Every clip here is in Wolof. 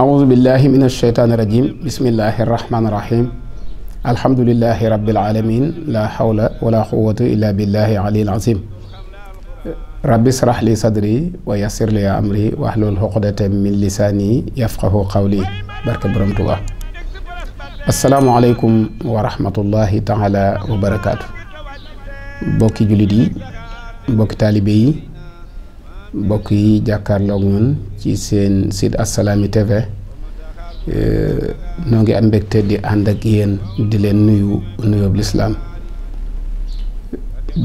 أعوذ بالله من الشيطان الرجيم بسم الله الرحمن الرحيم الحمد لله رب العالمين لا حول ولا قوة إلا بالله العلي العظيم رب اشرح لي صدري ويسر لي أمري واحلل عقدة من لساني يفقه قولي بارك برم توبا السلام عليكم ورحمة الله تعالى وبركاته بوكي جلدي بوكي طالبي mbokk yi jàkkaarloog ñun ci seen site Assalaamy TV noo ngi am mbégte di ànd ak yéen di leen nuyu nuyoob lislaam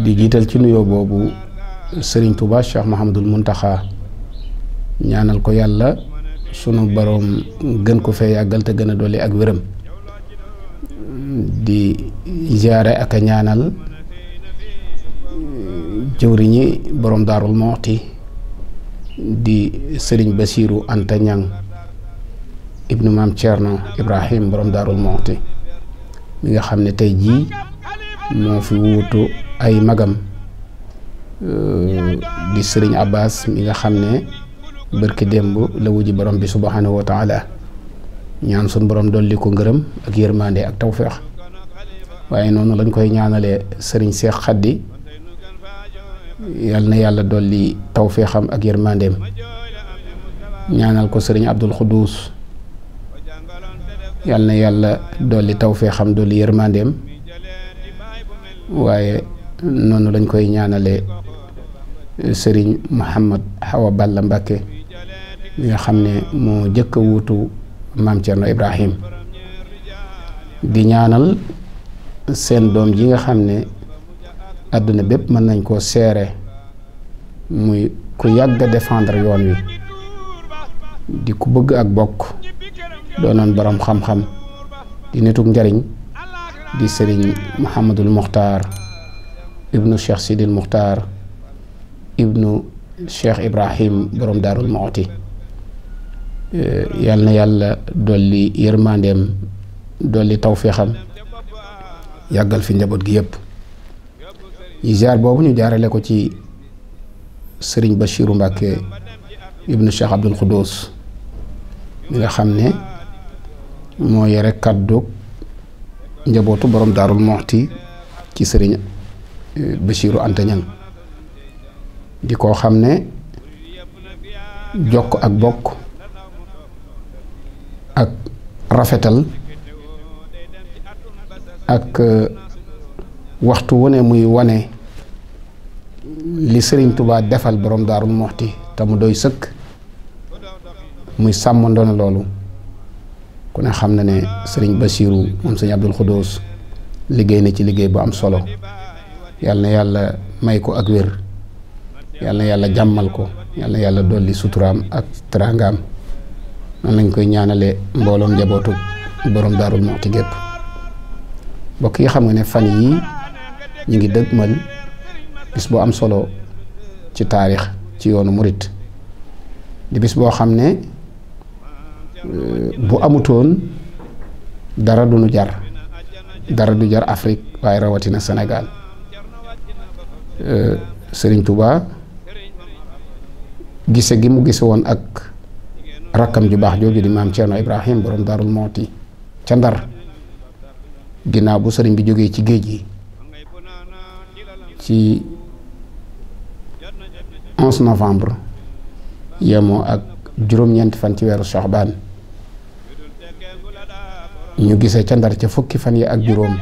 di jiital ci nuyoo boobu sëriñ Touba Cheikh Mahamadul Muntaxa ñaanal ko yàlla sunu boroom gën ko fee yàggal te gën a dolli ak wéram di ziyaare ak a ñaanal eh, jëwriñi boroom daarul moxti di sëriñ Basiiru Anta Ñang ibnu maam Thierno Ibrahim borom daarul Moxti mi nga xam ne tey jii moo fi wuutu ay magam euh, di sëriñ Abbas mi nga xam ne bërki démb la wuji borom bi subhaanahu wa taala ñaan sun borom dolli ko ngërëm ak yërmande ak tawféex waaye noonu lañ koy ñaanalee sëriñ Seex Xaddi yal na yàlla dolli tawféexam ak yërmandeem ñaanal ko sëriñ Abdul Xuduus yàlla na yàlla dolli tawfee xam dolli yërmandeem waaye noonu lañ koy ñaanale eh, sëriñ Mouhamad Awa Balla Mbacke mi nga xam ne moo jëkk a wuutu maam Thierno Ibrahim di ñaanal seen doom ji nga xam ne àdduna bépp mën nañ koo seere muy ku yàgg a défendre yoon wi di ku bëgg ak bokk doonoon boroom xam-xam di nituk njariñ di sëriñ Mouhamadul Muxtaar ibnu Cheikh Sidil Muxtaar ibnu Cheikh Ibrahim borom daarul Mooti yal na yàlla dolli yërmandeem dolli tawféexam yàggal fi njaboot gi yëpp yi boobu ñu jaarale ko ci sëriñ Bachiru Mbàkke ibnu Cheikh Abdul Xudoos mi nga xam ne moo yore kàddu njabootu borom daarul moxti ci sëriñ eh, Bachiru Anta Ñang di koo xam ne jokk ak bokk ak rafetal ak eh, waxtu wu ne muy wane li sëriñ Tuubaa defal borom daarul moxti te mu doy sëkk muy sàmm loolu ku ne xam na ne sëriñ Basiiru moom sëriñ Abdul Xudoos liggéey na ci liggéey bu am solo yal na yàlla may ko ak wér yal yàlla jàmmal ko yal na yàlla dolli suturaam ak teraangaam noonu lañ koy ñaanale mbooloom njabootu boroom Daaru Muxti gépp mbokk yi xam nga ne fan yii ñu ngi dëgmal bis bu am solo ci taarix ci yoonu murit di bis boo xam ne Euh, bu amutoon dara du jar dara du jar Afrique waaye rawatina Sénégal euh, Serigne Touba gise gi mu gise woon ak rakkam ju baax jooju di maam Thierno Ibrahim borom Darou Mouhty ca Ndar ginnaaw bu sëriñ bi jógee ci géej gi ci 11 novembre yemoo ak juróom-ñeenti fan ci weeru Soxbaan ñu gisee ca ndar ca fukki fan yi ak juróom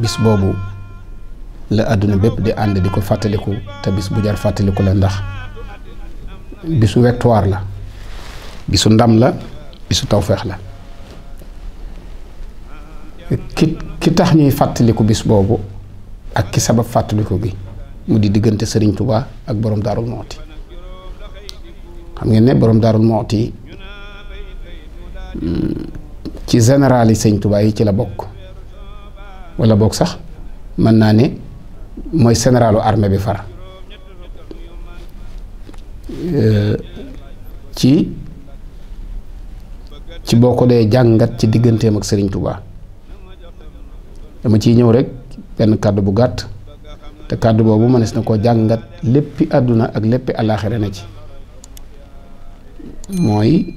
bis boobu la àdduna bépp di ànd di ko fàttaliku te bis bu jar fàttaliku la ndax bisu wettuwaar la bisu ndam la bisu tawfeex la ki ki tax ñuy fàttaliku bis boobu ak ki sabab fàttaliku gi mu di diggante sëriñ tubaa ak borom Darou Mouhty xam ngeen ne boroom borom Darou Mouhty hmm, ci général yi sëñ Tuubaa yi ci la bokk wala bokk sax mën naa ne mooy généralu armée bi far euh, ci ci boo ko dee jàngat ci digganteem ak sëriñ Touba dama ciy ñëw rek benn kàddu bu gàtt te kàddu boobu mënees na koo jàngat léppi àdduna ak léppi àllaaxira na ci mooy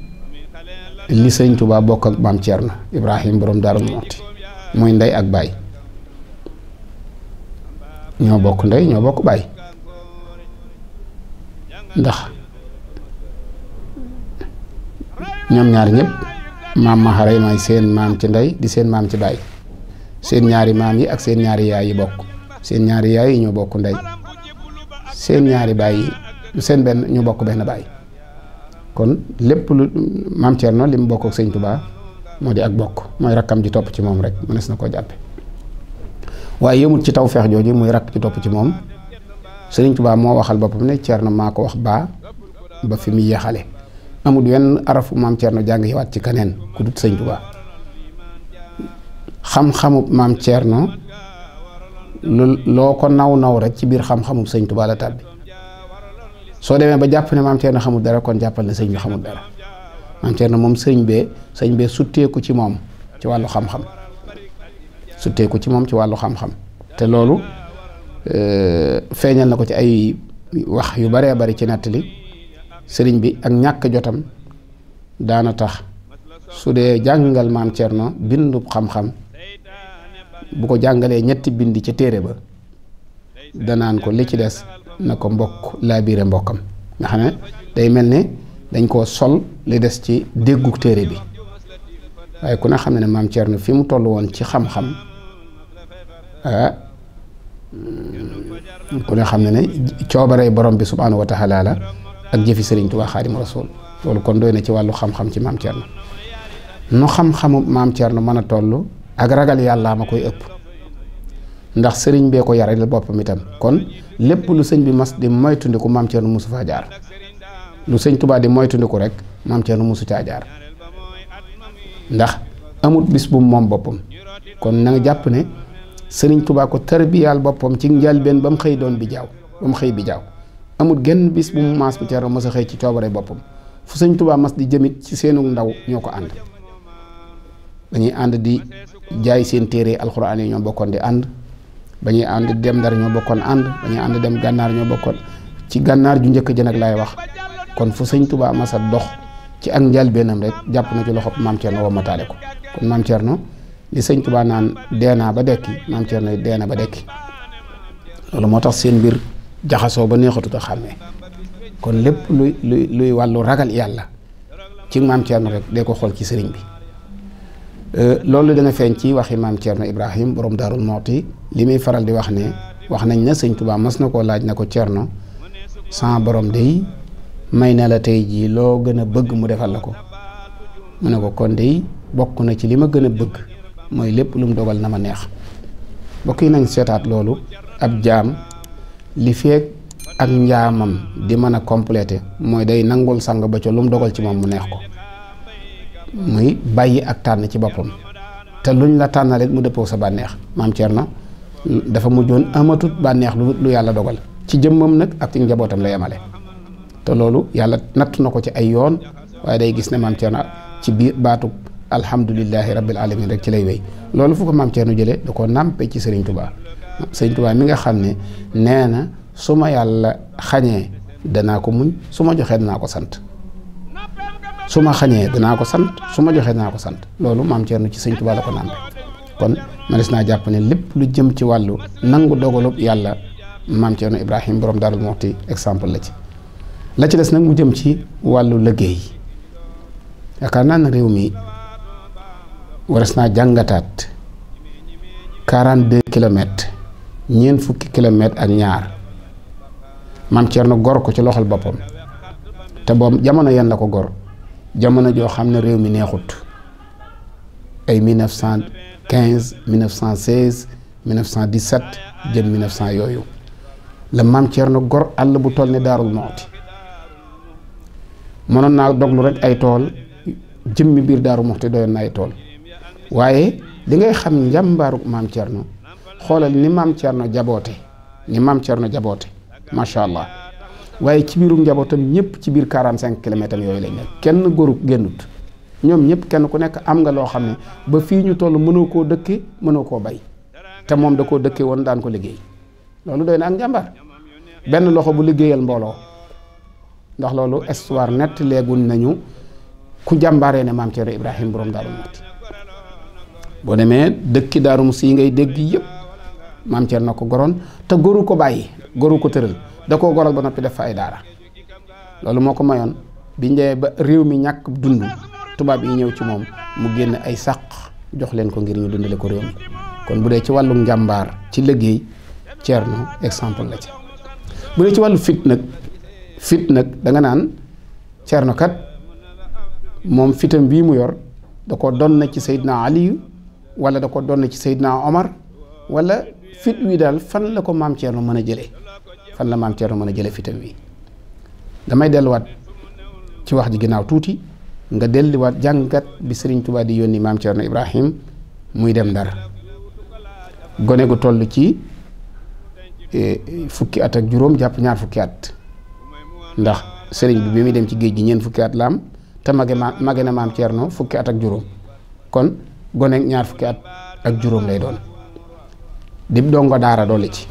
li sëñ Touba bokk ak maam Thierno Ibrahima borom Darou Mouhty muy ndey ak baay ñoo bokk ndey ñoo bokk baay ndax ñoom ñaar ñëpp maam ma xaray may seen maam ci ndey di seen maam ci baay seen ñaari maam yi ak seen ñaari yaay yi bokk seen ñaari yaay yi ñoo bokk ndey seen ñaari baay yi seen benn ñu bokk benn baay. kon lépp lu maam Thierno li mu bokk ak sëñ Touba moo di ak bokk mooy rakkam ji topp ci moom rek mënees na koo jàppe waaye yëmut ci taw feex jooju muy rakk ji topp ci moom sëñ tubaa moo waxal boppam ne Thierno maa ko wax baa ba fi mu yeexale amul wenn arafu maam Thierno jàng waat ci keneen ku dut sëñ Touba xam-xamub maam Thierno lu loo ko naw naw rek ci biir xam-xamub sëñ Touba la tàbbi soo demee ba jàppale ne maam Thierno xamul dara kon jàppal na sëñ bi xamul dara maam Thierno moom sëñ bee sëñ bee sutteeku ci moom ci wàllu xam-xam sutteeku ci moom ci wàllu xam te loolu euh, feeñal na ko ci ay wax yu baree bari ci nettali sëriñ bi ak ñàkk jotam daana tax su dee jàngal maam Thierno bindu xam-xam bu ko jàngalee ñetti bind ca téere ba danaan ko li ci des. na ko mbokk laabiire mbokkam nga xam day mel ni dañ koo sol li des ci déggu téere bi waaye ku ne xam ne maam Thierno fi mu toll woon ci xam-xam ah, mm, ku ne xam ne ne coobaree borom bi subhaanahu wa taala la ak jëfi Sëriñ Tuubaa Xaadimu Rasuul loolu kon doy na ci wàllu xam-xam ci maam Thierno nu xam-xamu maam Thierno mën a toll ak ragal yàllaa ma koy ëpp. ndax sëriñ bee ko yaral boppam itam kon lépp lu sëñ bi mas di moytundiku maam Thierno musu faa sëñ Tuubaa di moytundiku rek maam Thierno musu caa jaar ndax amut bis bu moom boppam kon na jàpp ne sëriñ Tuubaa ko tarbiyaal boppam ci njëlbeen ba mu xëy doon bi jaaw ba mu xëy bi jaaw amut genn bis bu mu maas bu Thierno mas xëy ci coobare boppam fu sëñ Tuubaa mas di jëmit ci seenu ndaw ñoo ko ànd dañuy ànd di jaay seen téere alxuraan yi ñoo bokkoon di ànd. ba ñuy ànd dem ndar ñoo bokkoon ànd ba ñuy ànd dem gànnaar ñoo bokkoon ci gànnaar ju njëkk ji nag laay wax kon fu sëñ tubaa Massa dox ci ak njëlbéenam rek jàpp na ci loxo maam Thierno wamataale ko kon maam Thierno li sëñ Touba naan deenaa ba dekki maam Thierno deena ba dekki loolu moo tax seen mbir jaxasoo ba neexatut a xàmmee kon lépp luy luy luy wàllu ragal yàlla ci maam Thierno rek dee ko xool ci sëriñ bi. Euh, loolu dana feeñ ci waxi maam Thierno Ibrahim borom Daarul Mooti li muy faral di wax ne wax nañ na sëñ Tuubaa mas na koo laaj na ko Thierno sans borom day may na la tey jii loo gën a bëgg mu defal la ko mu ne ko kon dey bokk na ci li ma gën a bëgg mooy lépp lu mu dogal na ma neex bokk yi nañ seetaat loolu ab jaam li feeg ak njaamam di mën a complété mooy day nangul sang ba ca lu mu dogal ci moom mu neex ko. muy bàyyi ak tànn ci boppam te luñ la tànnal mu dëppoo sa bànneex maam na dafa mujjoon amatut bànneex lu lu yàlla dogal ci jëmmam nag ak ci njabootam la yemale te loolu yàlla natt na ko ci ay yoon waaye day gis ne maam na ci biir baatu alhamdulillahi rabbil alamin rek ci lay wéy loolu fu ko maam nu jëlee da ko nàmpe ci Serigne Touba Serigne Touba mi nga xam ne nee na su ma yàlla xañee danaa ko muñ su ma joxee danaa ko sant. su ma xañee danaa ko sant su ma joxee danaa ko sant loolu maam Thierno ci sëñ Tuubaa la ko nàmpe kon manes naa jàpp ne lépp lu jëm ci wàllu nangu dogalub yàlla maam Thierno Ibrahim borom Daaru ti exemple la ci la ci des nag mu jëm ci wàllu liggéey yaakaar naa ne réew mi waras naa jàngataat 42 kilomètres ñeent fukki kilomètres ak ñaar maam Thierno gor ko ci loxol boppam te boobu jamono yenn la ko gor jamono joo xam ne réew mi neexut ay 1915 1916 1917 jëm 1900 yooyu la maam Thierno gor àll bu toll ne daarul mooti mënoon naa doglu rek ay tool jëmmi biir daaru moxti doyoon na ay tool waaye li ngay xam njàmbaaru maam Thierno xoolal ni maam Thierno jaboote ni maam Thierno jaboote macha allah. waaye ci biiru njabootam ñëpp ci biir 45 kilomètres yooyu lañ nekk kenn góoru génnut ñoom ñëpp kenn ku nekk am nga loo xam ne ba fii ñu toll mënoo koo dëkke mënoo koo bay te moom da koo dëkkee woon daan ko liggéey loolu doy na ak njàmbaar benn loxo bu liggéeyal mbooloo ndax loolu histoire nett léegun nañu ku jàmbaaree ne maam Thierno Ibrahima borom Daaru Muxti boo demee dëkki Daaru Muxti yi ngay dégg yëpp maam Thierno na ko goroon te goru ko bàyyi goru ko tëral da ko goral ba noppi def fa ay daara loolu moo ko mayoon bi demee ba réew mi ñàkk dund tubaab yi ñëw ci moom mu génn ay sàq jox leen ko ngir ñu dundale ko réew mi kon bu dee ci wàllu njàmbaar ci liggéey Thierno exemple la ci bu dee ci wàllu fit nag fit nag danga naan Thierno kat moom fitam bii mu yor da ko doon na ci Seydina Aliyu wala da ko doon na ci Seydina Omar wala fit wi daal fan la ko maam Thierno mën a jëlee. fan la maam Thierno mën a jële fitam wi damay delluwaat ci wax ji ginnaaw tuuti nga delluwaat jàngat bi sëriñ Touba di yónni maam Thierno Ibrahim muy dem Ndar gone gu toll ci e, fukki at ak juróom jàpp ñaar fukki at ndax sëriñ bi bi muy dem ci géej gi ñeen fukki at la te mage ma mage na maam Thierno fukki at ak juróom kon gone ñaar fukki at ak juróom lay doon dib dongo daara dolli ci.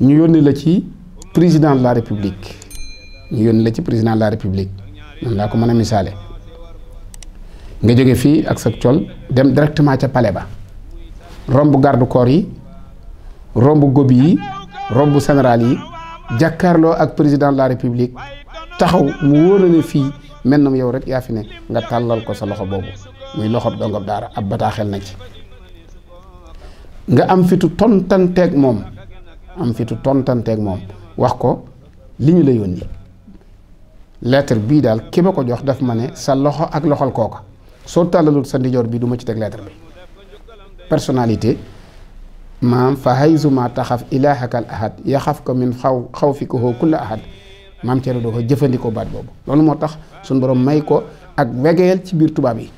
ñu yónni la ci président la république ñu yónni la ci président la république noonu laa ko mën a misaale nga jóge fii ak sa col dem directement ca pale ba romb garde corps yi romb gobi yi romb général yi jàkkaarloo ak président la république taxaw mu wóor a ne fii mel na yow rek yaa fi ne nga tàllal ko sa loxo boobu muy loxob dongob daara ab bataaxel na ci nga am fitu tontanteeg moom am fitu tontanteeg moom wax ko li ñu la yónni lettre bii daal ki ma ko jox daf ma ne sa loxo ak loxol kooka soo tàllalul sa ndijoor bi duma ci teg lettre bi personnalité maam fa hayzuma taxaf ilaahakal ahad yaxaf ko min xaw xaw fi ko kulla ahad maam Thierno da ko jëfandikoo baat boobu loolu moo tax suñ borom may ko ak wegeel ci biir tubaab yi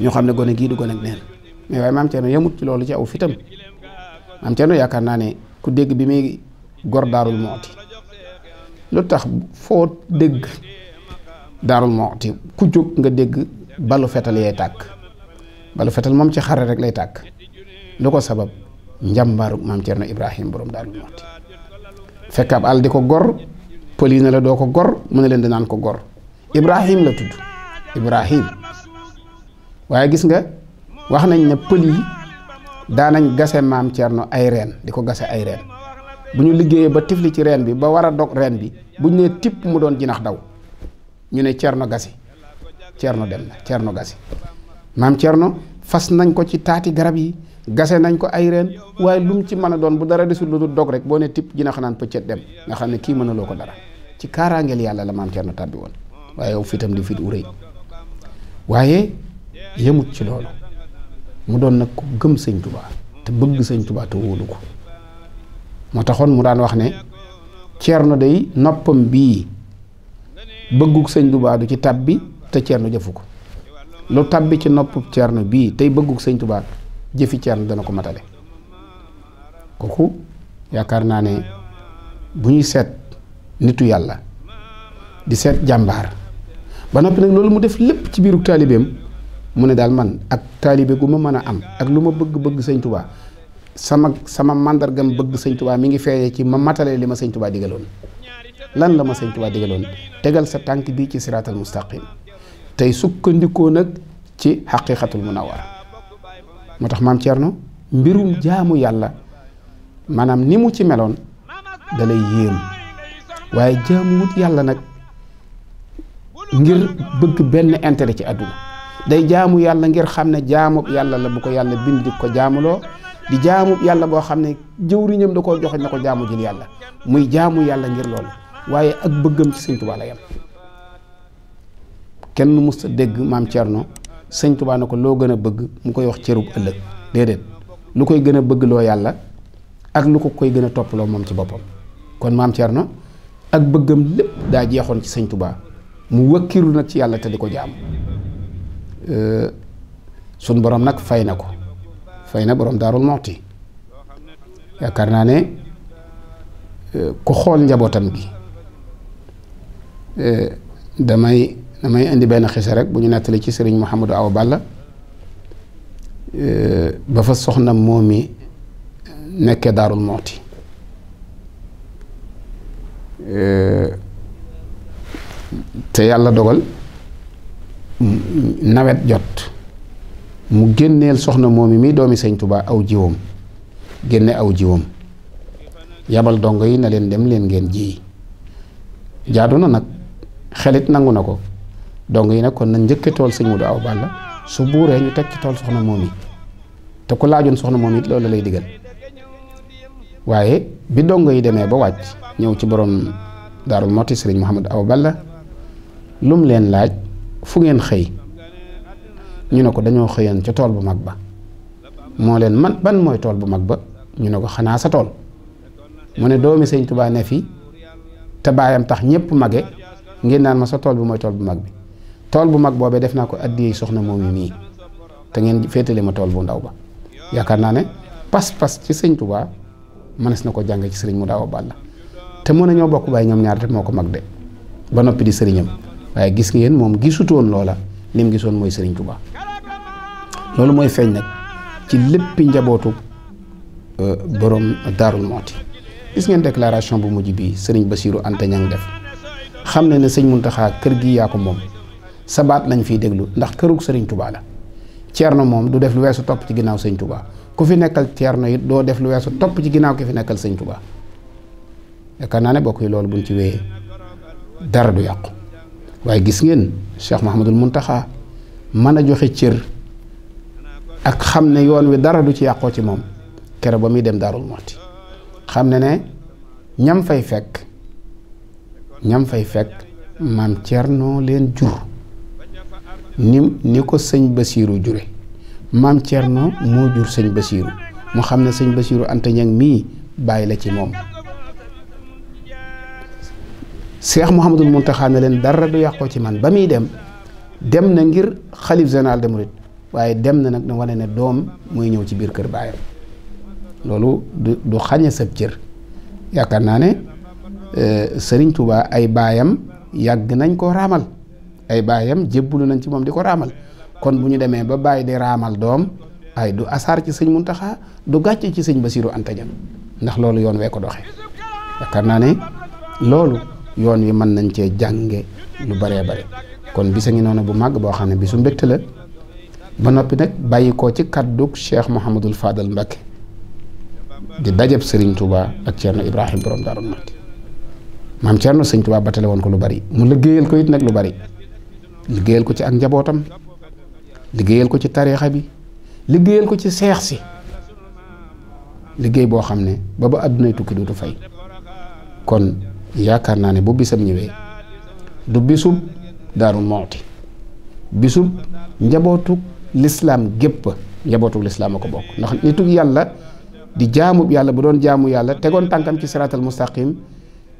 ñoo xam ne gone gii du gone ak neen mais waaye maam Thierno yemut ci loolu ci aw fitam maam Thierno yaakaar ku dégg bi muy gor daarul mooti lu tax foo dégg daarul mooti ku jóg nga dégg balu fetal yay tàkk balu fetal moom ci xare rek lay tàkk lu ko sabab njàmbaaru maam Cerno Ibrahim borom daarul mooti fekk ab àll di ko gor pël yi ne la doo ko gor mu ne leen di naan ko gor Ibrahim la tudd Ibrahim waaye gis nga wax nañ ne pël yi daanañ gase maam Thierno ay reen di ko gase ay reen bu ñu liggéeyee ba tifli ci reen bi ba war a dog reen bi bu ñu nee tipp mu doon jinax daw ñu ne Thierno gasi Thierno dem na Thierno gasi maam Thierno fas nañ ko ci taati garab yi gase nañ ko ay reen waaye lu mu ci mën a doon bu dara desul lu dul dog rek boo ne tipp jinax naan pëccët dem nga xam ne kii mënaloo ko dara ci kaaraangeel yàlla la maam Thierno tàbbi woon waaye yow fitam di fit u rëy waaye yëmut ci loolu mu doon nag ku gëm sëñ tubaa te bëgg sëñ tubaa te wóolu ko moo taxoon mu daan wax ne ceerno day noppam bii bëgguk sëñ tubaa du ci tab bi te ceerno jëfu ko lu tabbi ci noppub ceerno bii tey bëgguk sëñ tubaa jëfi ceerno dana ko matale kooku yaakaar naa ne bu ñuy seet nitu yàlla di seet jàmbaar ba noppi nag loolu mu def lépp ci biiru taalibeem mu ne daal man ak taalibe gu ma mën a am ak lu ma bëgg-bëgg sëñ tubaa sama sama màndargam bëgg sëñ tubaa mi ngi feeyee ci ma matalee li ma sëñ tubaa digaloon lan la ma sëñ tubaa digaloon tegal sa tànk bii ci siraatal mustaqim tey sukkandikoo nag ci xaqiqatul munawara moo tax maam Thierno mbirum jaamu yàlla maanaam ni mu ci meloon dalay yéem waaye jaamu wut yàlla nag ngir bëgg benn intérêt ci àdduna day jaamu yàlla ngir xam ne jaamub yàlla la bu ko yàlla bind di ko jaamuloo di jaamub yàlla boo xam ne jëwriñam da koo joxe na ko jaamu jël yàlla muy jaamu yàlla ngir loolu waaye ak bëggam ci sëñ Tuubaa la yem kenn musta dégg maam Thierno sëñ Tuubaa ne ko loo gën a bëgg mu koy wax cërub ëllëg déedéet lu koy gën a bëgg loo yàlla ak lu ko koy gën a toppaloo moom ci boppam kon maam Thierno ak bëggam lépp daa jeexoon ci sëñ Tuubaa mu wëkkiru nag ci yàlla te ko jaamu. sun borom nag fay na ko fay na borom daarul moxti yaakaar naa ne ku xool njabootam gi damay damay indi benn xisa rek bu ñu nettali ci sëriñ Mouhamadou Awa Balla ba soxna moom mi nekkee daarul moxti te yàlla dogal nawet jot mu génneel soxna moom yi muy doomi sëñ Tuubaa aw jiwam génne aw jiwam yabal dongo yi na leen dem leen ngeen ji jaadu na nag xelit nangu na ko dongo yi nag kon na njëkke tool sëñ Mudu aw Balla su buuree ñu teg ci tool soxna moom yi te ku laajoon soxna moom it loolu lay digal waaye bi dongo yi demee ba wàcc ñëw ci borom daarul moti sëriñ Mouhamed aw Balla lum leen laaj fu ngeen xëy ñu ne ko dañoo xëyoon ca tool bu mag ba moo leen man ban mooy tool bu mag ba ñu ne ko xanaa sa tool mu ne doomi sëñ Tuubaa ne fi te baayam tax ñëpp mage ngeen naan ma sa tool bi mooy tool bu mag bi tool bu mag boobee def naa ko addiyee soxna moom yi nii te ngeen féetalee ma tool bu ndaw ba yaakaar naa ne pas-pas ci sëñ Tuubaa mënees na ko jàng ci sëriñ mu daaw a bàll te mën nañoo bokk bàyyi ñoom ñaar te moo ko mag de ba noppi di sëriñam waaye gis ngeen moom gisutoon loola lim gisoon mooy Serigne Touba loolu mooy feeñ nag ci lépp njabootu euh, borom Darou Mouhty gis ngeen déclaration bu mujj bi Serigne Bassirou Anta Niang def xam ne ne sëñ Mountakha kër gi yaa ko moom sabaat lañ fi déglu ndax kërug Serigne Touba la Thierno moom du def lu weer su topp ci ginnaaw sëñ Touba ku fi nekkal Thierno it doo def lu weesu topp ci ginnaaw ki fi nekkal sëñ Touba yaakaar naa ne bokk yi loolu buñ ci wéyee dara du yàqu. waaye gis ngeen Cheikh mun taxa mën a joxe cër ak xam ne yoon wi dara du ci yàqoo ci moom kere ba muy dem Daarul Muxti xam ne ne ñam fay fekk ñam fay fekk maam noo leen jur ni ni ko sëñ Basiiru jure maam Thierno moo jur sëñ Basiiru mu xam ne sëñ Basiiru Anta Ñaŋ mii bàyyi la ci moom Cheikh Mouhamadul Mountakha ne leen dara du yàqoo ci man ba muy dem dem na ngir xalif général de Mouride waaye dem na nag na wane ne doom mooy ñëw ci biir kër baayam loolu du du xañe sab cër yaakaar naa ne euh, Serigne Touba ay baayam yàgg nañ ko raamal ay baayam jébbalu nañ ci moom di ko raamal kon bu ñu demee ba bàyyi di raamal doom ay du asaar ci sëñ Mountakha du gàcce ci sëñ Bassirou Anta Niang ndax loolu yoon wee ko doxe yaakaar naa ne loolu. yoon wi mën nañ cee jànge lu baree bare kon bis a ngi noonu bu màgg boo xam ne su mbégte la ba noppi nag bàyyi ko ci kàddug Cheikh Mouhamadul Fadal Mbacké di dajab sëriñ Touba ak Thierno Ibrahim borom Darou Mouhty maam Thierno Serigne Touba batale woon ko lu bari mu liggéeyal ko yit nag lu bari liggéeyal ko ci ak njabootam liggéeyal ko ci tariixa bi liggéeyal ko ci seex si liggéey boo xam ne ba ba àddunay tukki dootu fay kon. yaakaar naa ne bu bisam ñëwee du bisub daaru mooti bisub njabootu lislaam gépp njabootu lislaam a ko bokk ndax nitug yàlla di jaamu yàlla bu doon jaamu yàlla tegoon tànkam ci siraatal mustaqim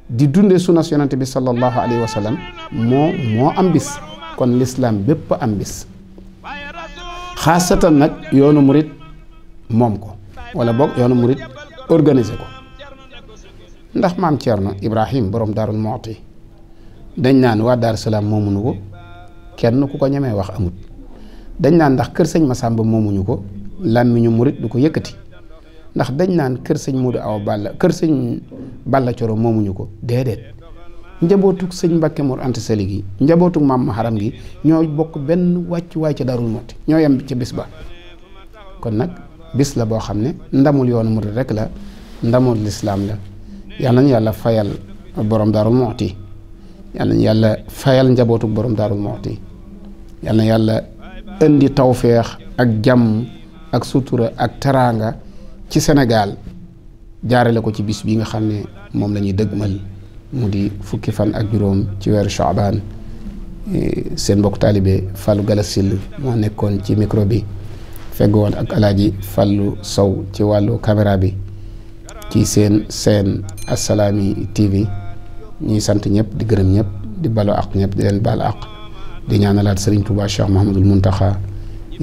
di dunde sunnas yonante bi sallallahu alayhi wa sallam moo moo am bis kon lislaam bépp am bis xaasatan nag yoonu murit moom ko walla boog yoonu murit organise ko ndax maam Thierno Ibrahim boroom Darou Mouhty dañ naan waa Darou Salaam moomuñu ko kenn ku ko ñemee wax amut dañ naan ndax kër sëñ ma Massamba moomuñu ko làmmiñu murit du ko yëkkati ndax dañ naan kër sëñ Modou aw Balla kër sëñ Balla Coro moomuñu ko déedéet njabootug sëñ Mbacke Mor Anta Sali gi njabootug maam Maharam gi ñoo bokk benn wàcc ca Darou Mouhty ñoo yem ca bis ba kon nag bis la boo xam ne ndamul yoonu murit rekk la ndamul lislaam la. yàlla nañu yàlla fayal borom daarul moxti yàlla fayal njabootu boroom daarul moxti yàlla yàlla indi tawféex ak jàmm ak sutura ak teraanga ci Sénégal jaarale ko ci bis bi nga xam ne moom la ñuy dëgmal mu di fukki fan ak juróom ci weeru Chaabaan e, seen mbokk taalibe Fallou Galass moo nekkoon ci micro bi feggoon ak alaaji Fallou Sow ci wàllu caméra bi ci seen seen Assalaamy TV ñuy sant ñëpp di gërëm ñëpp di balo àq ñëpp di leen baal àq di ñaanalaat Serigne Touba Cheikh Mouhamadul Mountakha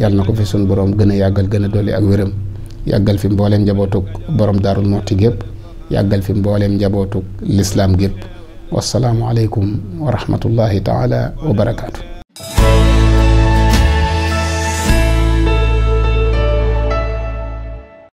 yàlla na ko fi suñu boroom gën a yàggal gën a dolli ak wéram yàggal fi mbooleem njabootug borom Daarul Muxti gépp yàggal fi mbooleem njabootug lislaam gépp wasalaamualeykum wa rahmatullahi taala wa barakaatu.